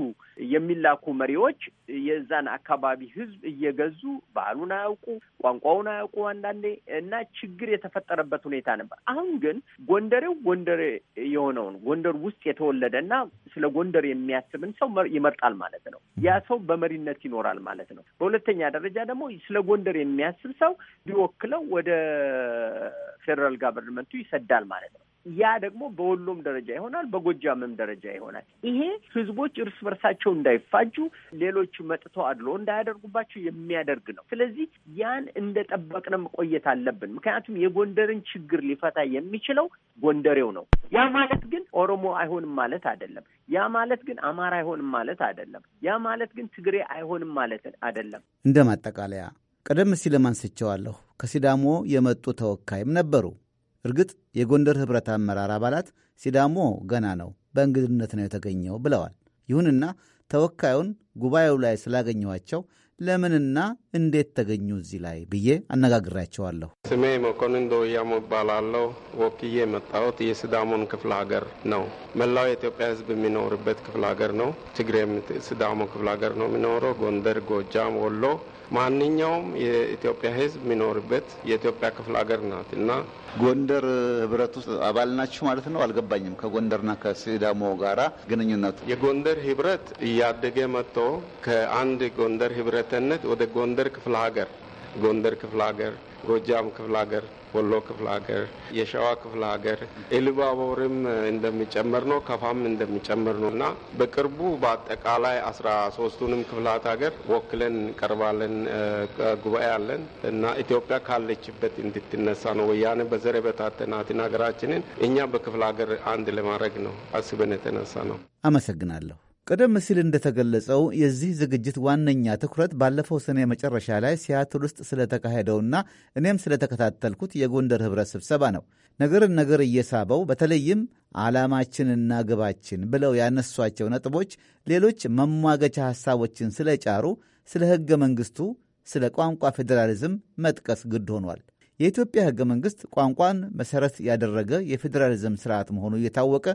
የሚላኩ መሪዎች የዛን አካባቢ ሕዝብ እየገዙ ባህሉን አያውቁ፣ ቋንቋውን አያውቁ አንዳንዴ እና ችግር የተፈጠረበት ሁኔታ ነበር። አሁን ግን ጎንደሬው ጎንደሬ የሆነውን ጎንደር ውስጥ የተወለደ እና ስለ ጎንደር የሚያስብን ሰው ይመርጣል ማለት ነው። ያ ሰው በመሪነት ተሰሚነት ይኖራል ማለት ነው። በሁለተኛ ደረጃ ደግሞ ስለ ጎንደር የሚያስብ ሰው ቢወክለው ወደ ፌዴራል ጋቨርንመንቱ ይሰዳል ማለት ነው። ያ ደግሞ በወሎም ደረጃ ይሆናል፣ በጎጃምም ደረጃ ይሆናል። ይሄ ህዝቦች እርስ በርሳቸው እንዳይፋጁ፣ ሌሎች መጥቶ አድሎ እንዳያደርጉባቸው የሚያደርግ ነው። ስለዚህ ያን እንደጠበቅን መቆየት አለብን። ምክንያቱም የጎንደርን ችግር ሊፈታ የሚችለው ጎንደሬው ነው። ያ ማለት ግን ኦሮሞ አይሆንም ማለት አይደለም። ያ ማለት ግን አማራ አይሆንም ማለት አይደለም። ያ ማለት ግን ትግሬ አይሆንም ማለት አይደለም። እንደ ማጠቃለያ ቀደም ሲል አንስቼዋለሁ፣ ከሲዳሞ የመጡ ተወካይም ነበሩ። እርግጥ የጎንደር ኅብረት አመራር አባላት ሲዳሞ ገና ነው፣ በእንግድነት ነው የተገኘው ብለዋል። ይሁንና ተወካዩን ጉባኤው ላይ ስላገኘኋቸው ለምንና እንዴት ተገኙ እዚህ ላይ ብዬ አነጋግራቸዋለሁ። ስሜ መኮንን ዶያሞ እባላለሁ። ወክዬ የመጣሁት የስዳሞን ክፍለ ሀገር ነው። መላው የኢትዮጵያ ሕዝብ የሚኖርበት ክፍለ ሀገር ነው። ትግሬም ስዳሞ ክፍለ ሀገር ነው የሚኖረው። ጎንደር፣ ጎጃም፣ ወሎ ማንኛውም የኢትዮጵያ ሕዝብ የሚኖርበት የኢትዮጵያ ክፍለ ሀገር ናት እና ጎንደር ህብረት ውስጥ አባል ናችሁ ማለት ነው? አልገባኝም። ከጎንደርና ከሲዳሞ ጋራ ግንኙነቱ የጎንደር ህብረት እያደገ መጥቶ ከአንድ ጎንደር ህብረትነት ወደ ጎንደር ክፍለ ሀገር ጎንደር ክፍለ ሀገር፣ ጎጃም ክፍለ ሀገር ወሎ ክፍለ ሀገር፣ የሸዋ ክፍለ ሀገር፣ ኢሉባቦርም እንደሚጨመር ነው፣ ከፋም እንደሚጨምር ነው እና በቅርቡ በአጠቃላይ አስራ ሶስቱንም ክፍላት ሀገር ወክለን እንቀርባለን። ጉባኤ አለን እና ኢትዮጵያ ካለችበት እንድትነሳ ነው። ወያኔ በዘር በታተናትን ሀገራችንን እኛ በክፍለ ሀገር አንድ ለማድረግ ነው አስበን የተነሳ ነው። አመሰግናለሁ። ቀደም ሲል እንደተገለጸው የዚህ ዝግጅት ዋነኛ ትኩረት ባለፈው ሰኔ መጨረሻ ላይ ሲያትል ውስጥ ስለተካሄደውና እኔም ስለተከታተልኩት የጎንደር ኅብረት ስብሰባ ነው። ነገርን ነገር እየሳበው በተለይም ዓላማችንና ግባችን ብለው ያነሷቸው ነጥቦች ሌሎች መሟገቻ ሐሳቦችን ስለጫሩ ስለ ሕገ መንግሥቱ፣ ስለ ቋንቋ ፌዴራሊዝም መጥቀስ ግድ ሆኗል። የኢትዮጵያ ሕገ መንግሥት ቋንቋን መሠረት ያደረገ የፌዴራሊዝም ስርዓት መሆኑ እየታወቀ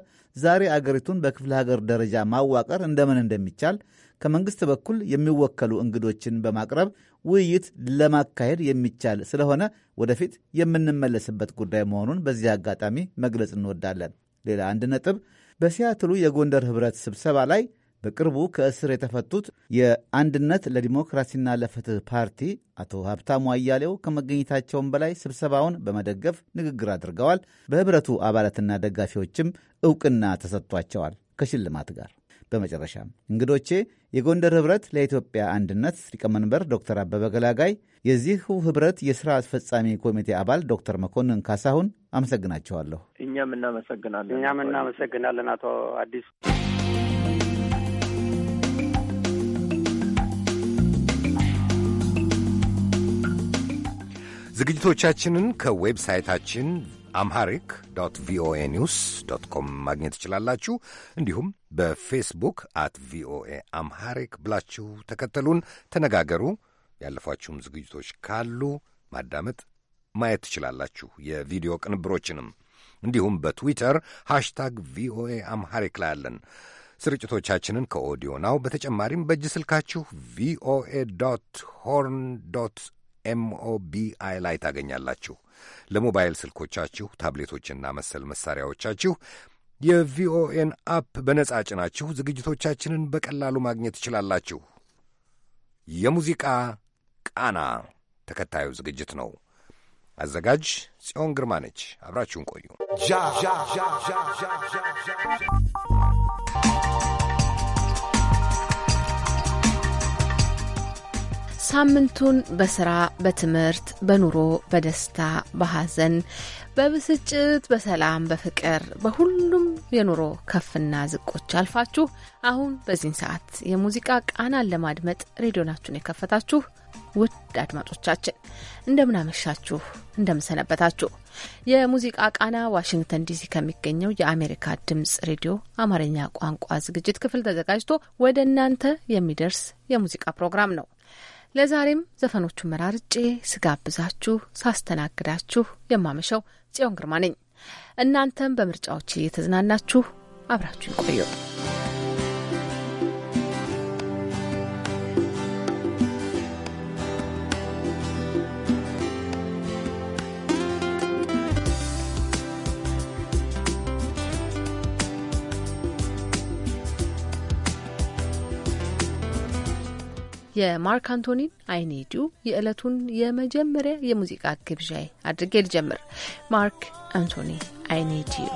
ዛሬ አገሪቱን በክፍለ ሀገር ደረጃ ማዋቀር እንደምን እንደሚቻል ከመንግሥት በኩል የሚወከሉ እንግዶችን በማቅረብ ውይይት ለማካሄድ የሚቻል ስለሆነ ወደፊት የምንመለስበት ጉዳይ መሆኑን በዚህ አጋጣሚ መግለጽ እንወዳለን። ሌላ አንድ ነጥብ በሲያትሉ የጎንደር ኅብረት ስብሰባ ላይ በቅርቡ ከእስር የተፈቱት የአንድነት ለዲሞክራሲና ለፍትህ ፓርቲ አቶ ሀብታሙ አያሌው ከመገኘታቸውን በላይ ስብሰባውን በመደገፍ ንግግር አድርገዋል። በህብረቱ አባላትና ደጋፊዎችም እውቅና ተሰጥቷቸዋል ከሽልማት ጋር። በመጨረሻም እንግዶቼ የጎንደር ህብረት ለኢትዮጵያ አንድነት ሊቀመንበር ዶክተር አበበ ገላጋይ፣ የዚሁ ህብረት የሥራ አስፈጻሚ ኮሚቴ አባል ዶክተር መኮንን ካሳሁን አመሰግናቸዋለሁ። እኛም እናመሰግናለን። እኛም እናመሰግናለን አቶ አዲሱ። ዝግጅቶቻችንን ከዌብሳይታችን አምሃሪክ ዶት ቪኦኤ ኒውስ ዶት ኮም ማግኘት ትችላላችሁ። እንዲሁም በፌስቡክ አት ቪኦኤ አምሃሪክ ብላችሁ ተከተሉን፣ ተነጋገሩ። ያለፏችሁም ዝግጅቶች ካሉ ማዳመጥ፣ ማየት ትችላላችሁ። የቪዲዮ ቅንብሮችንም እንዲሁም በትዊተር ሃሽታግ ቪኦኤ አምሃሪክ ላይ አለን። ስርጭቶቻችንን ከኦዲዮ ናው በተጨማሪም በእጅ ስልካችሁ ቪኦኤ ዶት ሆርን ዶት ኤምኦቢአይ ላይ ታገኛላችሁ። ለሞባይል ስልኮቻችሁ ታብሌቶችና መሰል መሳሪያዎቻችሁ የቪኦኤን አፕ በነጻ ጭናችሁ ዝግጅቶቻችንን በቀላሉ ማግኘት ትችላላችሁ። የሙዚቃ ቃና ተከታዩ ዝግጅት ነው። አዘጋጅ ጽዮን ግርማ ነች። አብራችሁን ቆዩ። ሳምንቱን በስራ፣ በትምህርት፣ በኑሮ፣ በደስታ፣ በሐዘን፣ በብስጭት፣ በሰላም፣ በፍቅር፣ በሁሉም የኑሮ ከፍና ዝቆች አልፋችሁ አሁን በዚህን ሰዓት የሙዚቃ ቃናን ለማድመጥ ሬዲዮናችሁን የከፈታችሁ ውድ አድማጮቻችን እንደምናመሻችሁ፣ እንደምንሰነበታችሁ። የሙዚቃ ቃና ዋሽንግተን ዲሲ ከሚገኘው የአሜሪካ ድምጽ ሬዲዮ አማርኛ ቋንቋ ዝግጅት ክፍል ተዘጋጅቶ ወደ እናንተ የሚደርስ የሙዚቃ ፕሮግራም ነው። ለዛሬም ዘፈኖቹን መራርጬ ስጋብዛችሁ ሳስተናግዳችሁ የማመሸው ጽዮን ግርማ ነኝ። እናንተም በምርጫዎች እየተዝናናችሁ አብራችሁ ይቆዩ። የማርክ አንቶኒን አይኔዲ የዕለቱን የመጀመሪያ የሙዚቃ ግብዣይ አድርጌ ልጀምር። ማርክ አንቶኒ አይኔዲዩ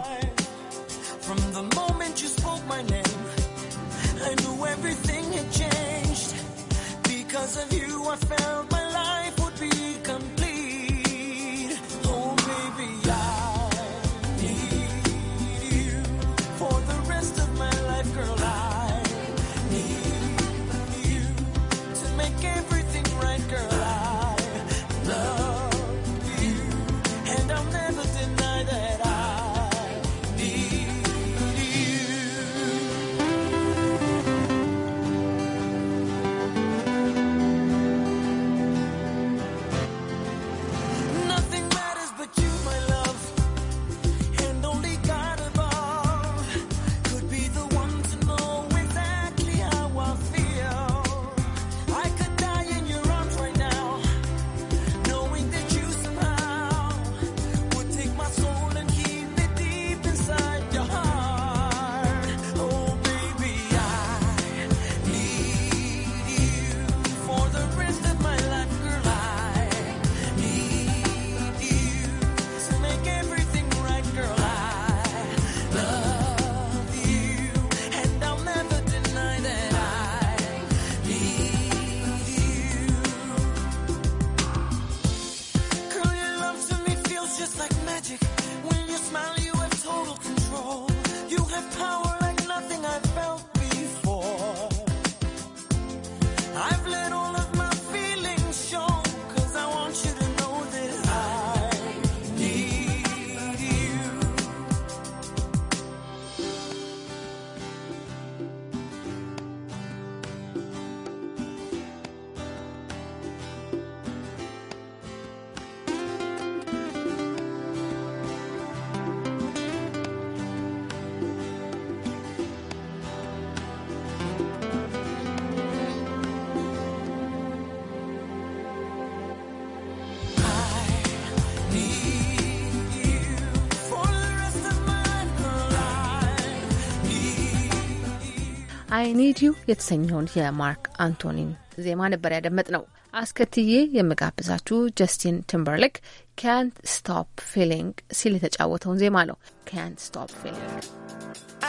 አይ ኒድ ዩ የተሰኘውን የማርክ አንቶኒን ዜማ ነበር ያደመጥ ነው። አስከትዬ የምጋብዛችሁ ጀስቲን ቲምበርሌክ ካንት ስቶፕ ፊሊንግ ሲል የተጫወተውን ዜማ ነው። ካንት ስቶፕ ፊሊንግ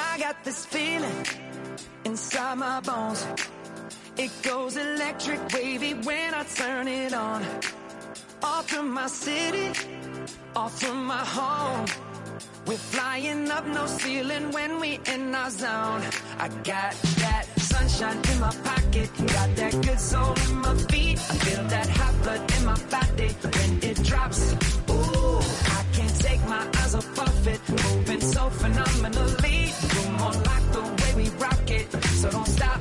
I got this feeling inside my bones. It goes electric wavy when I turn it on. Off from my city, off from my home. We're flying up no ceiling when we in our zone. I got that sunshine in my pocket, got that good soul in my feet. I feel that hot blood in my body when it drops. Ooh, I can't take my eyes off of it, moving so phenomenally. Come on, like the way we rock it, so don't stop.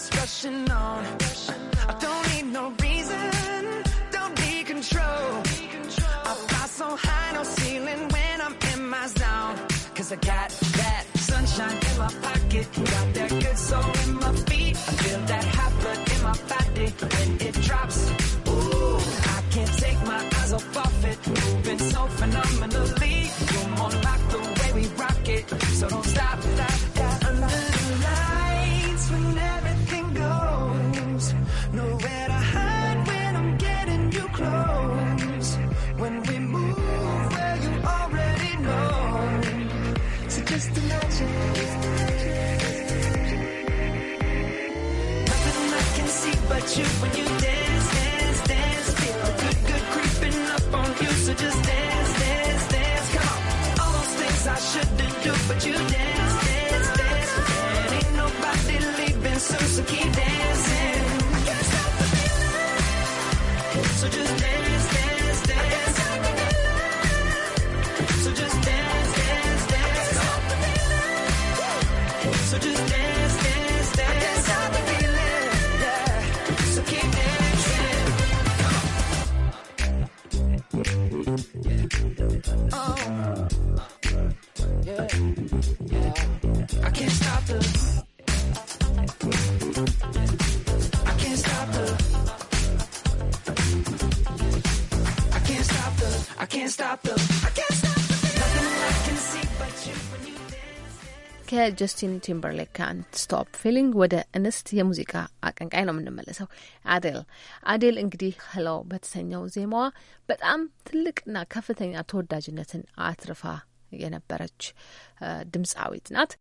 just rushing on. I don't need no reason, don't be control. I fly so high, no ceiling when I'm in my zone. Cause I got that sunshine in my pocket, got that good soul in my feet. I feel that hot blood in my body when it drops. Ooh, I can't take my eyes off of it, moving so phenomenally. You're more like the way we rock it, so don't stop. but you dance, dance, dance. And ain't nobody leaving so keep dancing. Can't stop the feeling, so just dance. ከጀስቲን ቲምበርሌክ ካንት ስቶፕ ፊሊንግ ወደ እንስት የሙዚቃ አቀንቃይ ነው የምንመለሰው። አዴል አዴል እንግዲህ ሄሎ በተሰኘው ዜማዋ በጣም ትልቅና ከፍተኛ ተወዳጅነትን አትርፋ የነበረች ድምፃዊት ናት።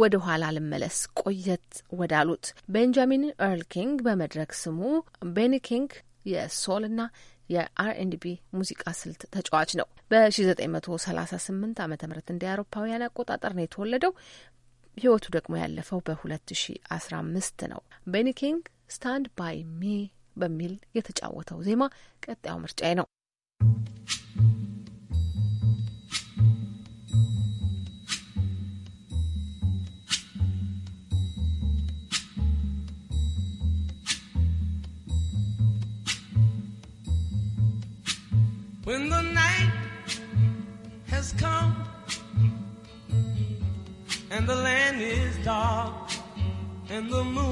ወደ ኋላ ልመለስ ቆየት ወዳሉት ቤንጃሚን ኤርል ኪንግ በመድረክ ስሙ ቤኒ ኪንግ የሶል ና የአርኤንዲቢ ሙዚቃ ስልት ተጫዋች ነው። በ1938 ዓ ም እንደ አውሮፓውያን አቆጣጠር ነው የተወለደው። ህይወቱ ደግሞ ያለፈው በ2015 ነው። ቤኒ ኪንግ ስታንድ ባይ ሚ በሚል የተጫወተው ዜማ ቀጣዩ ምርጫዬ ነው። and the moon.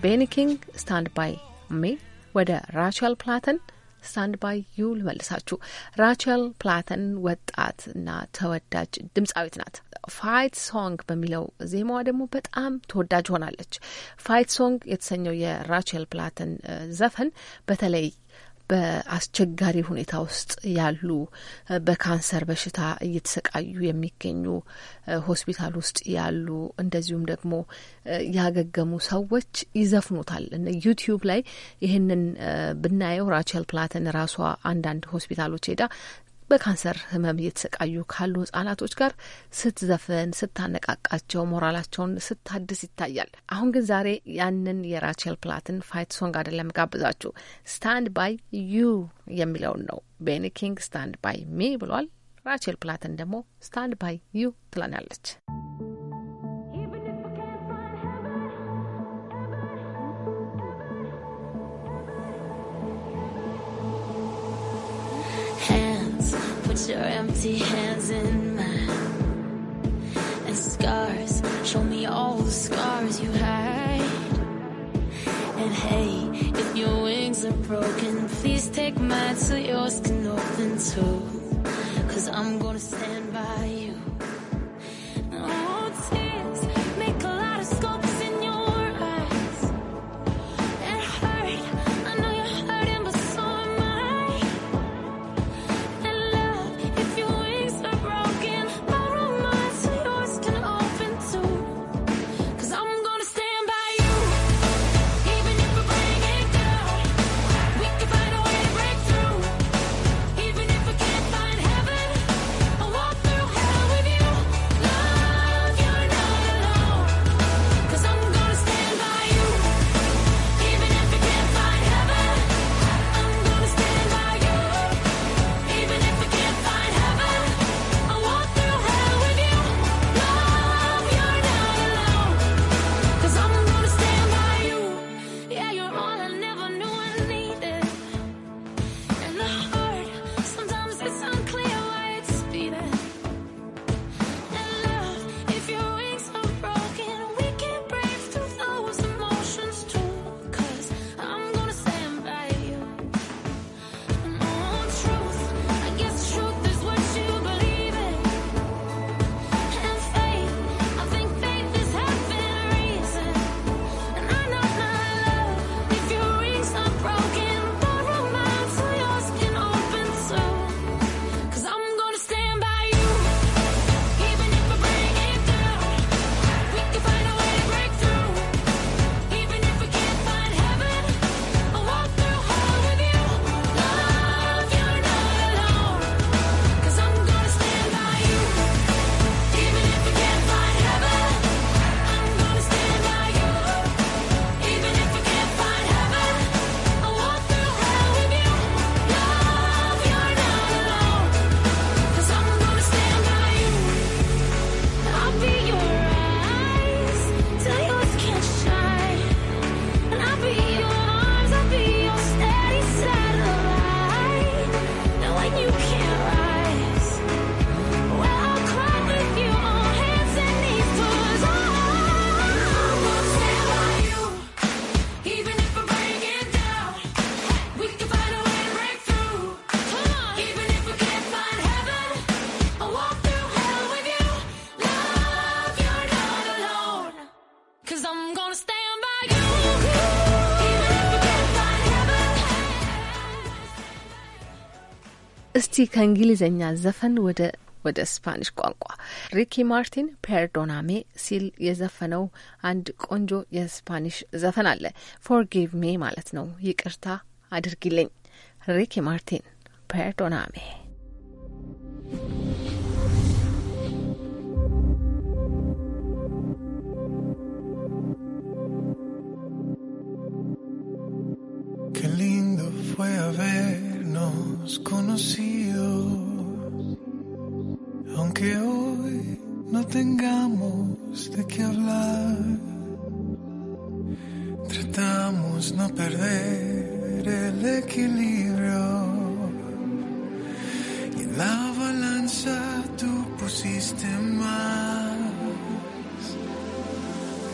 ከቤኒኪንግ ስታንድ ባይ ሜ ወደ ራቸል ፕላተን ስታንድ ባይ ዩ ልመልሳችሁ። ራቸል ፕላተን ወጣትና ተወዳጅ ድምፃዊት ናት። ፋይት ሶንግ በሚለው ዜማዋ ደግሞ በጣም ተወዳጅ ሆናለች። ፋይት ሶንግ የተሰኘው የራቸል ፕላተን ዘፈን በተለይ በአስቸጋሪ ሁኔታ ውስጥ ያሉ በካንሰር በሽታ እየተሰቃዩ የሚገኙ ሆስፒታል ውስጥ ያሉ እንደዚሁም ደግሞ ያገገሙ ሰዎች ይዘፍኑታል። ዩቲዩብ ላይ ይህንን ብናየው ራቸል ፕላተን ራሷ አንዳንድ ሆስፒታሎች ሄዳ በካንሰር ህመም እየተሰቃዩ ካሉ ህጻናቶች ጋር ስትዘፍን፣ ስታነቃቃቸው፣ ሞራላቸውን ስታድስ ይታያል። አሁን ግን ዛሬ ያንን የራቸል ፕላትን ፋይት ሶንግ አይደለም ጋብዛችሁ ስታንድ ባይ ዩ የሚለውን ነው። ቤኒ ኪንግ ስታንድ ባይ ሚ ብሏል። ራቸል ፕላትን ደግሞ ስታንድ ባይ ዩ ትለናለች። Put your empty hands in mine and scars. Show me all the scars you hide. And hey, if your wings are broken, please take mine so yours can open too. Cause I'm gonna stand by you. እስቲ ከእንግሊዝኛ ዘፈን ወደ ወደ ስፓኒሽ ቋንቋ ሪኪ ማርቲን ፔርዶናሜ ሲል የዘፈነው አንድ ቆንጆ የስፓኒሽ ዘፈን አለ። ፎርጊቭ ሜ ማለት ነው ይቅርታ አድርጊልኝ። ሪኪ ማርቲን ፔርዶናሜ Qué lindo fue habernos conocido aunque hoy no tengamos de qué hablar. Tratamos no perder el equilibrio y en la balanza tú pusiste más.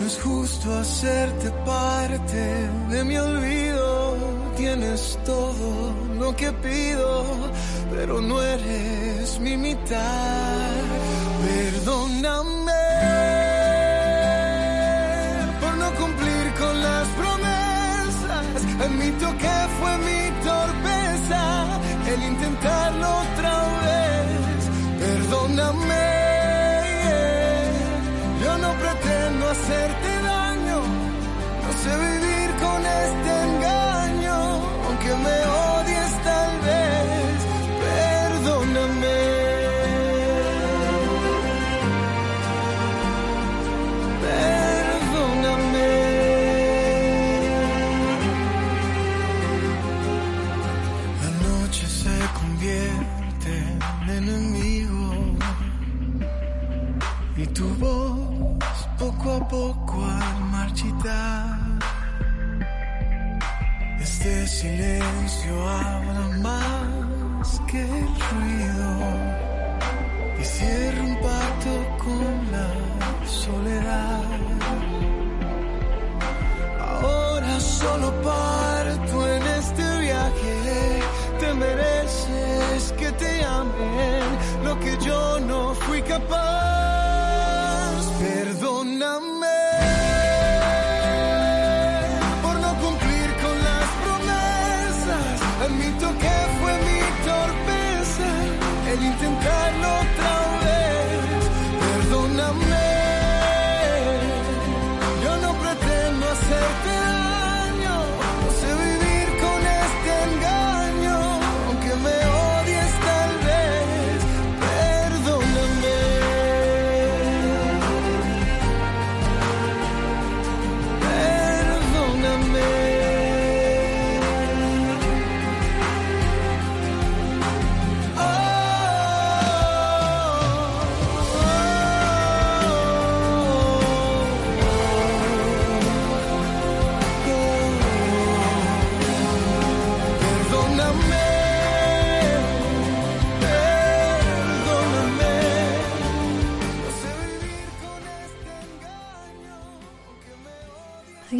No es justo hacerte parte de mi olvido, tienes todo lo que pido, pero no eres mi mitad. Perdóname por no cumplir con las promesas. Admito que fue mi torpeza el intentarlo.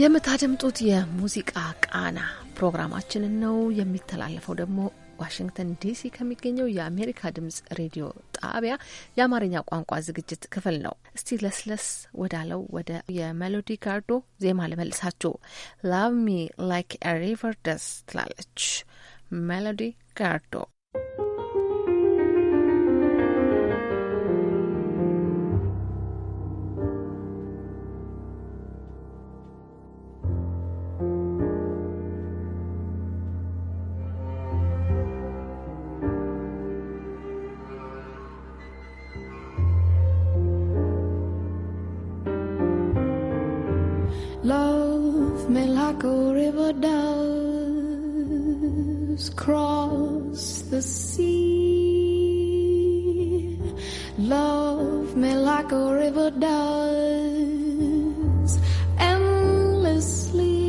የምታደምጡት የሙዚቃ ቃና ፕሮግራማችንን ነው። የሚተላለፈው ደግሞ ዋሽንግተን ዲሲ ከሚገኘው የአሜሪካ ድምጽ ሬዲዮ ጣቢያ የአማርኛ ቋንቋ ዝግጅት ክፍል ነው። እስቲ ለስለስ ወዳለው ወደ የሜሎዲ ጋርዶ ዜማ ልመልሳችሁ። ላቭ ሚ ላይክ ሪቨር ደስ ትላለች ሜሎዲ ጋርዶ Chicago River does cross the sea. Love me like a river does endlessly.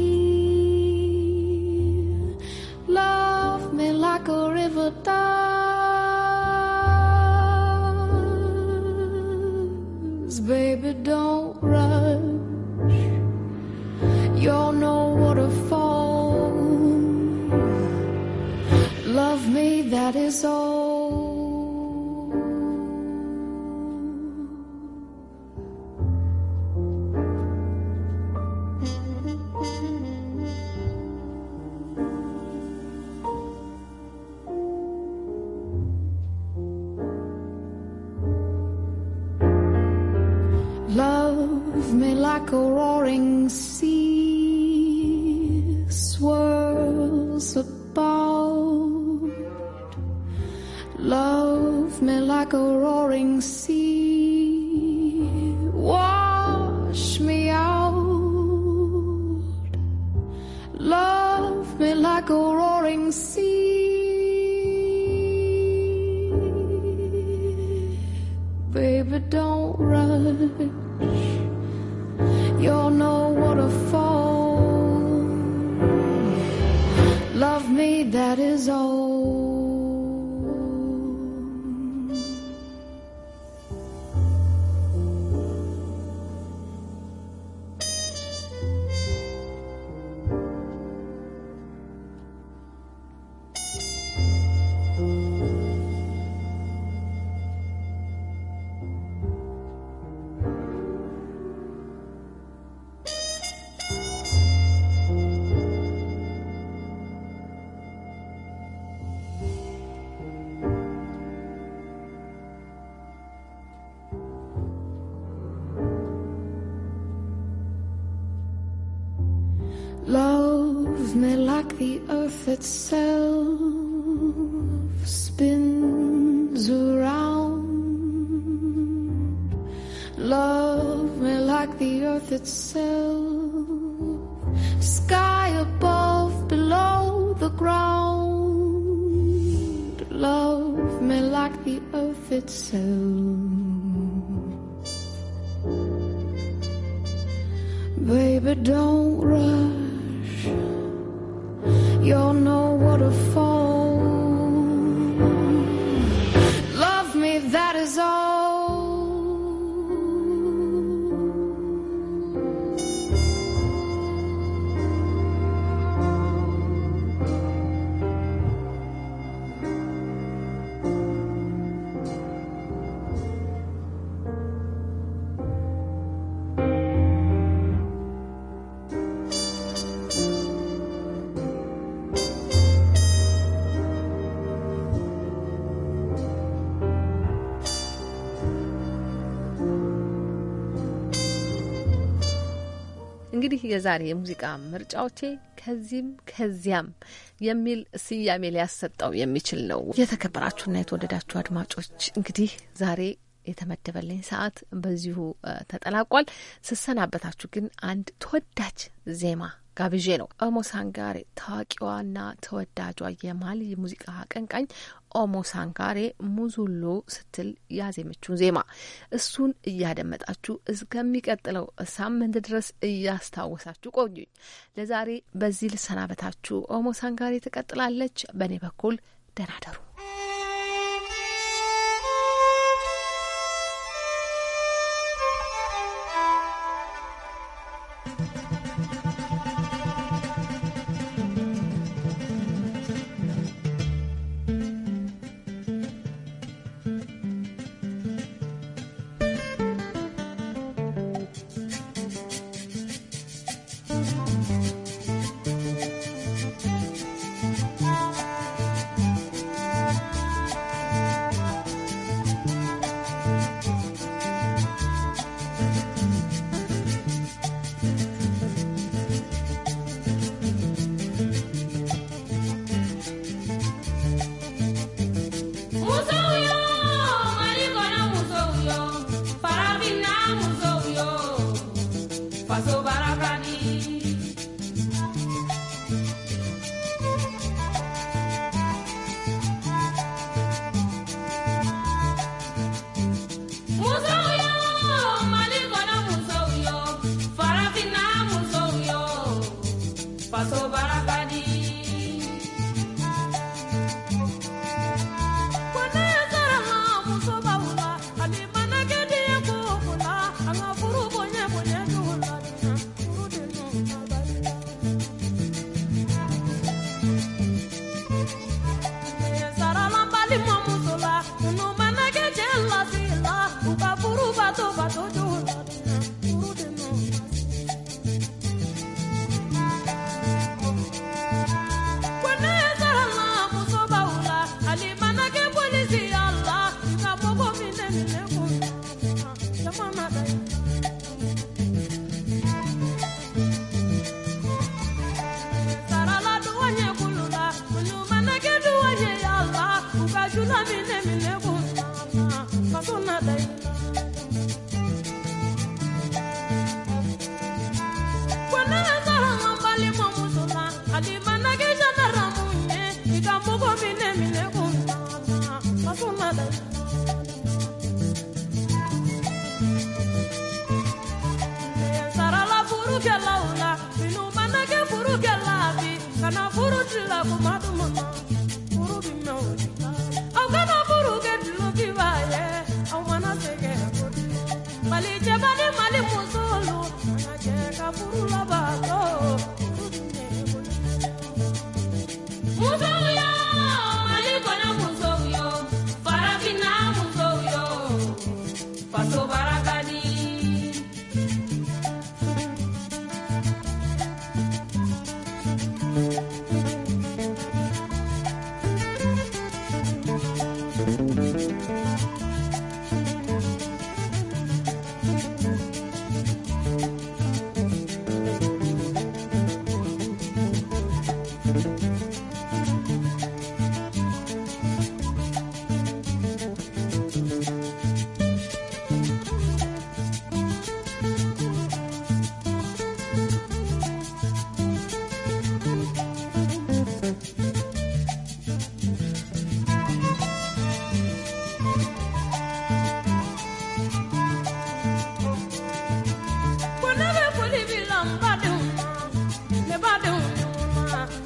that is all. Love me like a rock. like a roaring sea. Wash me out. Love me like a roaring sea. Baby, don't rush. You're no waterfall. Love me, that is all. the earth itself spins around. Love me like the earth itself, sky above, below the ground. Love me like the earth itself. የዛሬ የሙዚቃ ምርጫዎቼ ከዚህም ከዚያም የሚል ስያሜ ሊያሰጠው የሚችል ነው። የተከበራችሁና የተወደዳችሁ አድማጮች እንግዲህ ዛሬ የተመደበልኝ ሰዓት በዚሁ ተጠላቋል። ስሰናበታችሁ ግን አንድ ተወዳጅ ዜማ ጋብዤ ነው። ኦሞ ሳንጋሬ ታዋቂዋና ተወዳጇ የማሊ ሙዚቃ አቀንቃኝ ኦሞሳንጋሬ ሙዙሎ ስትል ያዜመችውን ዜማ እሱን እያደመጣችሁ እስከሚቀጥለው ሳምንት ድረስ እያስታወሳችሁ ቆዩኝ። ለዛሬ በዚህ ልሰናበታችሁ። ኦሞ ትቀጥላለች። በእኔ በኩል ደህና ደሩ።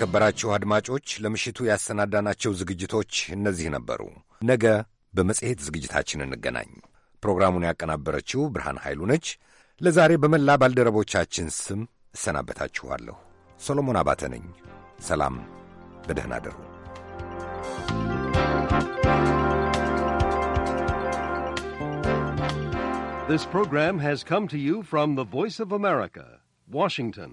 የተከበራችሁ አድማጮች ለምሽቱ ያሰናዳናቸው ዝግጅቶች እነዚህ ነበሩ። ነገ በመጽሔት ዝግጅታችን እንገናኝ። ፕሮግራሙን ያቀናበረችው ብርሃን ኃይሉ ነች። ለዛሬ በመላ ባልደረቦቻችን ስም እሰናበታችኋለሁ። ሰሎሞን አባተ ነኝ። ሰላም፣ በደህና አደሩ። This program has come to you from the Voice of America, Washington.